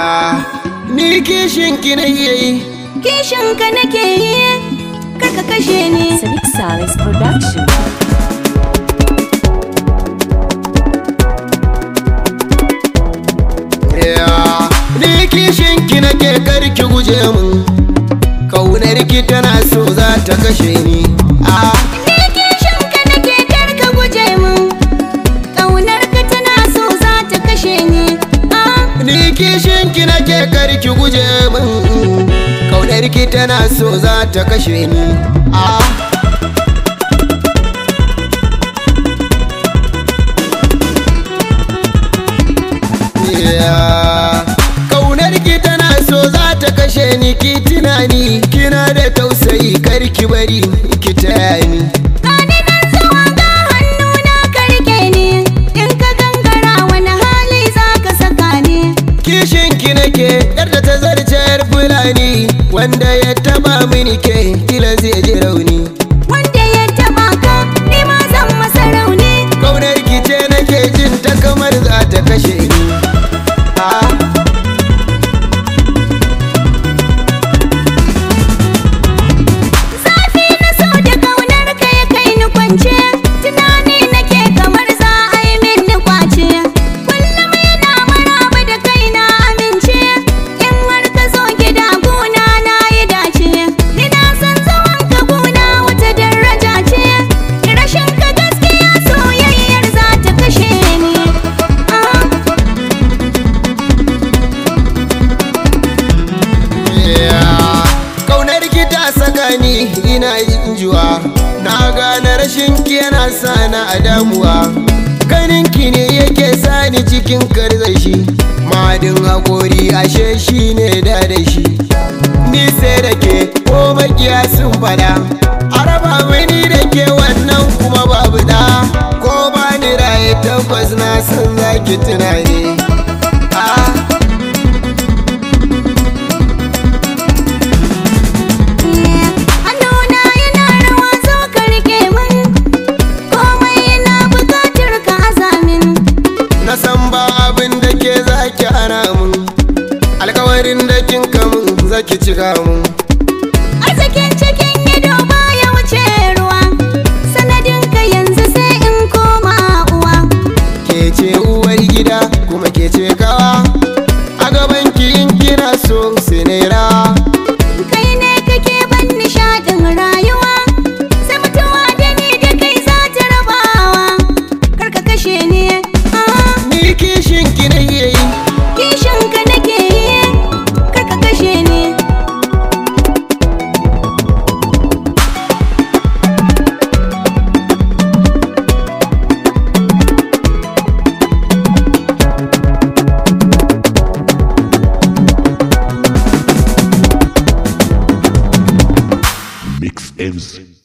faɗa ni kishin ki nake kishin ka nake yi kaka kashe ni Sadiq Salis Production Ni kishin ki nake karki guje mun kaunar ki tana so za ta kashe ni karki guje min ki tana so za ta kashe ni a ah. ki tana so za ta kashe ni ki tunani kina da tausayi ki bari ki tayani ni nake yar ta zarce yar fulani wanda ya taba mini ke kila zai je rauni wanda ya taba ka ni ma zan masa rauni kaunar rikice nake jin ta kamar ina yin juwa na gane rashin ki yana sa na a damuwa ganin ki ne yake sani cikin karzashi madin hakori ashe shi ne da da shi ni sai da ke ko makiya sun fada araba. raba mini da ke wannan kuma babu da ko ba ni raye tabbas na san zaki tunani farin kin kamun zaki ci gamu arzikin cikin ba ya wuce ruwa sanadin ka yanzu sai in koma uwa ke ce uwar gida kuma ke ce kawa a gaban ki in kina so sai M's.